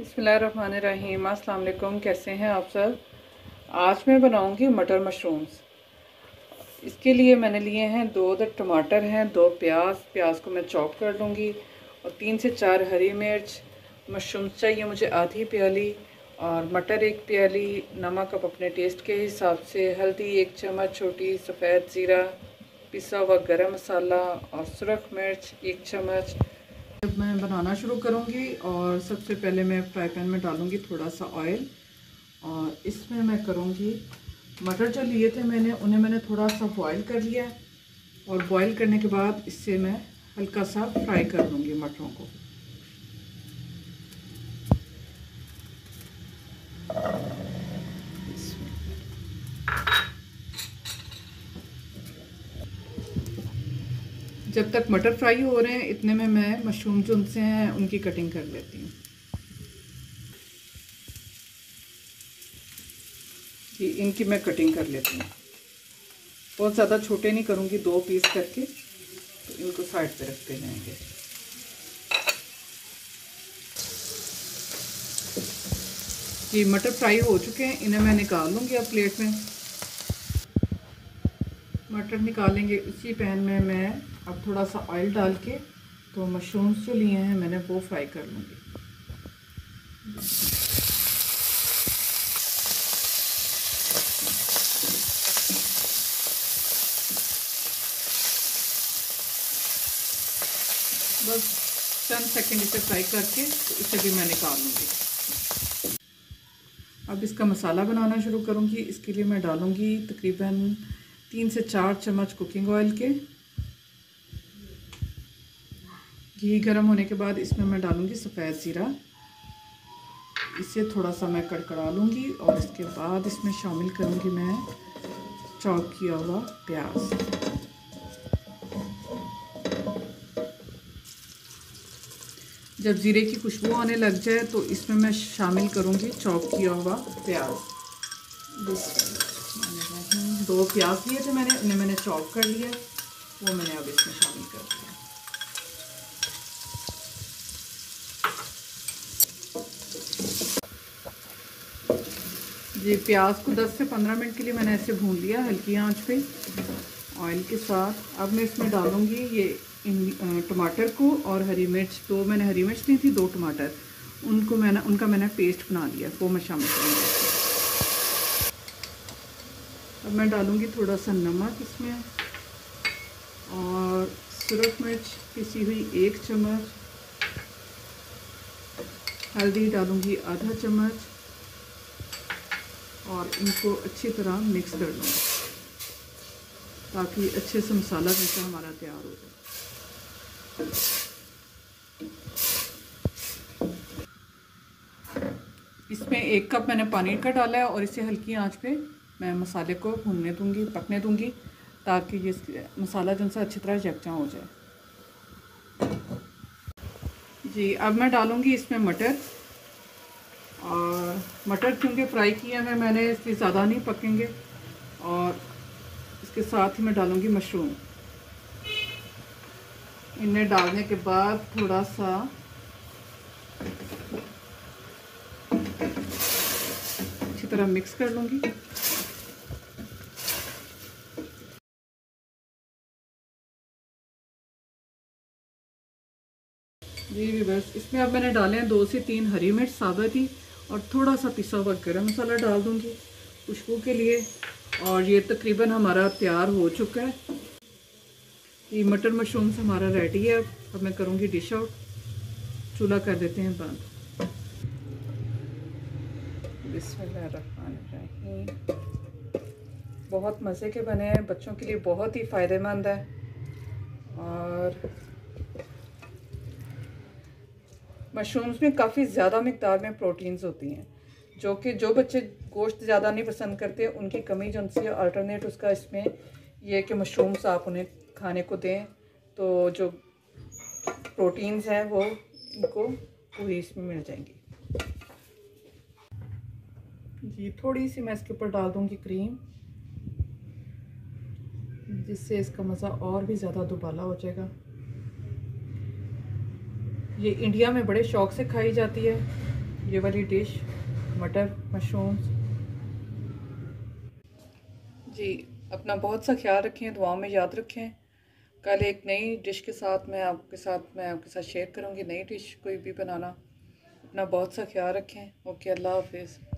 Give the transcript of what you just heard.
बसमीम अल्लाम कैसे हैं आप सर आज मैं बनाऊंगी मटर मशरूम्स इसके लिए मैंने लिए हैं दो दर टमाटर हैं दो प्याज प्याज को मैं चॉप कर लूँगी और तीन से चार हरी मिर्च मशरूम चाहिए मुझे आधी प्याली और मटर एक प्याली नमक अब अपने टेस्ट के हिसाब से हल्दी एक चम्मच छोटी सफ़ेद ज़ीरा पिसा हुआ गरम मसाला और सुरख मिर्च एक चम्मच जब मैं बनाना शुरू करूँगी और सबसे पहले मैं फ्राई पैन में डालूँगी थोड़ा सा ऑयल और इसमें मैं करूँगी मटर जो लिए थे मैंने उन्हें मैंने थोड़ा सा बॉयल कर लिया और बॉयल करने के बाद इससे मैं हल्का सा फ्राई कर लूँगी मटरों को जब तक मटर फ्राई हो रहे हैं इतने में मैं मशरूम जो उनसे हैं उनकी कटिंग कर लेती हूँ जी इनकी मैं कटिंग कर लेती हूँ बहुत ज़्यादा छोटे नहीं करूँगी दो पीस करके तो इनको साइड पे रखते जाएंगे जी मटर फ्राई हो चुके हैं इन्हें मैं निकाल लूँगी अब प्लेट में मटर निकालेंगे उसी पैन में मैं अब थोड़ा सा ऑयल डाल के तो मशरूम्स जो लिए हैं मैंने वो फ्राई कर लूँगी बस चंद सेकेंड इसे फ्राई करके तो इसे भी मैं निकाल लूँगी अब इसका मसाला बनाना शुरू करूँगी इसके लिए मैं डालूँगी तकरीबन तीन से चार चम्मच कुकिंग ऑयल के घी गर्म होने के बाद इसमें मैं डालूँगी सफ़ेद ज़ीरा इसे थोड़ा सा मैं कड़कड़ा लूँगी और इसके बाद इसमें शामिल करूँगी मैं चौक किया हुआ प्याज जब ज़ीरे की खुशबू आने लग जाए तो इसमें मैं शामिल करूँगी चौक किया हुआ प्याज दो प्याज लिए थे मैंने उन्हें मैंने चॉप कर लिया वो मैंने अब इसमें शामिल कर दिया ये प्याज को 10 से 15 मिनट के लिए मैंने ऐसे भून लिया हल्की आंच पे ऑयल के साथ अब मैं इसमें डालूँगी ये टमाटर को और हरी मिर्च दो तो मैंने हरी मिर्च ली थी दो टमाटर उनको मैंने उनका मैंने पेस्ट बना लिया वो मैं शामिल करूँगी अब मैं डालूँगी थोड़ा सा नमक इसमें और सुरख मिर्च पिसी हुई एक चम्मच हल्दी डालूँगी आधा चम्मच और इनको अच्छी तरह मिक्स कर लूँगा ताकि अच्छे से मसाला जैसा हमारा तैयार हो जाए इसमें एक कप मैंने पानी का डाला है और इसे हल्की आंच पे मैं मसाले को भूनने दूंगी पकने दूंगी ताकि ये मसाला जिनसे अच्छी तरह जगचा हो जाए जी अब मैं डालूंगी इसमें मटर और मटर क्योंकि फ्राई किए हैं मैंने इसलिए ज़्यादा नहीं पकेंगे और इसके साथ ही मैं डालूँगी मशरूम इन्हें डालने के बाद थोड़ा सा अच्छी तरह मिक्स कर लूँगी जी बस इसमें अब मैंने डाले हैं दो से तीन हरी मिर्च साबुत ही और थोड़ा सा पिसा हुआ गर्म मसाला डाल दूँगी खुशबू के लिए और ये तकरीबन हमारा तैयार हो चुका है ये मटर मशरूम्स हमारा रेडी है अब मैं करूँगी डिश आउट चूल्हा कर देते हैं बंद बहुत मज़े के बने हैं बच्चों के लिए बहुत ही फ़ायदेमंद है और मशरूम्स में काफ़ी ज़्यादा मकदार में प्रोटीन्स होती हैं जो कि जो बच्चे गोश्त ज़्यादा नहीं पसंद करते उनकी कमी जो उनसे अल्टरनेट उसका इसमें यह कि मशरूम्स आप उन्हें खाने को दें तो जो प्रोटीन्स हैं वो उनको पूरी इसमें मिल जाएंगी जी थोड़ी सी मैं इसके ऊपर डाल दूँगी क्रीम जिससे इसका मज़ा और भी ज़्यादा दुबाला हो जाएगा ये इंडिया में बड़े शौक से खाई जाती है ये वाली डिश मटर मशरूम्स जी अपना बहुत सा ख्याल रखें दुआओं में याद रखें कल एक नई डिश के साथ मैं आपके साथ मैं आपके साथ शेयर करूँगी नई डिश कोई भी बनाना अपना बहुत सा ख्याल रखें ओके अल्लाह हाफिज़